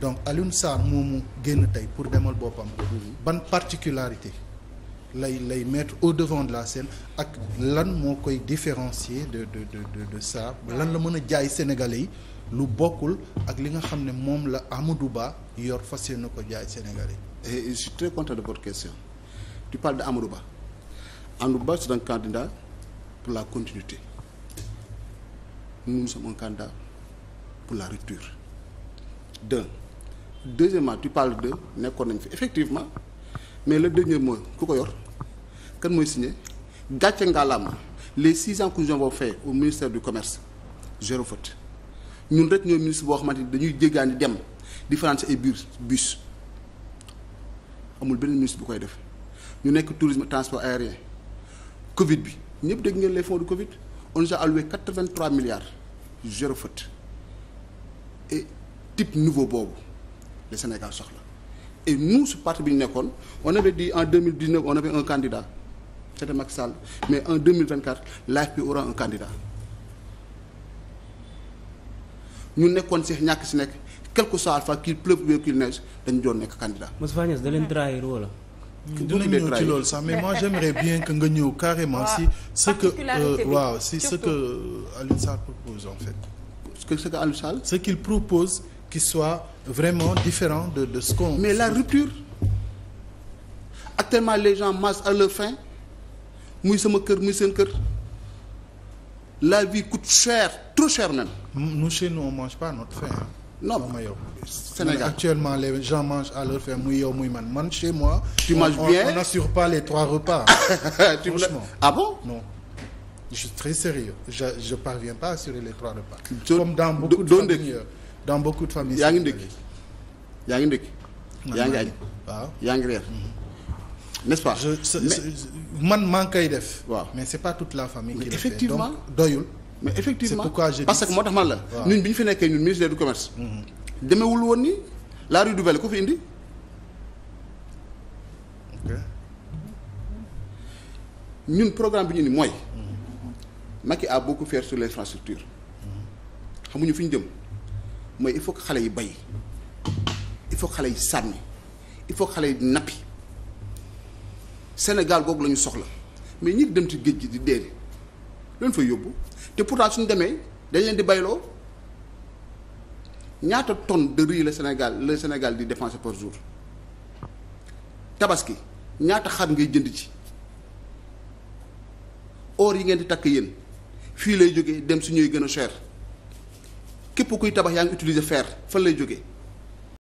donc Alioune Sarr moomu génn tey pour demal boppam ban particularité lay lay mettre au devant de la scène ak lan moo koy différencier de de de lan la mën a jaay Sénégalais yi lu bokkul ak li nga xam ne moom la Amadou Ba yor fas yéene ko jaay Sénégalais yi. je suis très de votre question tu parles de Amadou Ba Amadou Ba c'est pour la continuité nous nous sommes pour la rupture d'un deuxièmement tu parles de nekkoon nañ fi effectivement mais le dernier mot ku ko yor kan mooy signé gàcce ngalaama les six ans que nous avons fait au ministère du commerce zéro ñun rek ñoo ministre boo xamante ni dañuy jéggaani dem di financer ay bus amul benn ministre bu koy def ñu nekk tourisme transport aérien Covid bi ñëpp dégg ngeen les fonds de Covid on nous a alloué quatre-vingt-trois milliards zéro faute et type nouveau boobu. le Sénégal soxla et nous su parti bi ñu nekkoon on avait dit en 2019 on avait un candidat c'était Macky Sall mais en 2024 l'AFP aura un candidat ñu nekkoon si ñàkk si nekk quel que soit alpha qu'il pleuve ou qu'il dañu doon nekk candidat. Moussa Niass da leen trahir wala. dinañ ñëw ci loolu sax mais moi j'aimerais bien que nga ñëw carrément si ce que waaw si ce que euh, Alioune Sall propose en fait. ce que Alioune Sall. ce qu'il propose. qui soit vraiment différent de, de ce qu'on... Mais la rupture, actuellement les gens massent à leur faim, muy sama kër muy seen kër. La vie coûte cher, trop cher même. Nous, chez nous, on mange pas notre faim. non ma yow. Sénégal actuellement les gens mangent à leur faim muy yow muy man man chez moi. tu manges bien on n'assure pas les trois repas. tu franchement ah bon. non je suis très sérieux je parviens pas à assurer les trois repas. comme dans beaucoup de familles euh, dans beaucoup de familles. yaa ngi ndékki yaa ngi ndékki. yaa ngi añ waaw yaa ngi reer. Mhm. n'est-ce pas. je man maa ngi koy def. waaw mais c'est pas tout la famille. qui le fait doyul. mais effectivement c'est pourquoi que moo tax man la. ñun bi ñu fi nekkee ñun ministère du commerce. Mhm. demewul woon ni la rue du Valet ku fi indi. ñun programme bi ñu ni mooy. Mhm. Macky a beaucoup fait sur l'infrastructure. xamuñu fi ñu jëm. mooy il faut xale yi bay il faut xale yi sànni il faut xale yi nappi Sénégal googu lañu soxla mais ñi dem ci géej gi di dee leen fay yóbbu te pourtant suñu demee dañ leen di bayloo ñaata tonne de la Sénégal la Sénégal di dépenser par jour tabaski ñaata xar ngay jënd ci or yi ngeen di takk yéen fii lay jóge dem su ñuy gën a cher. képp kuy tabax yaa ngi utiliser fer fan lay jógee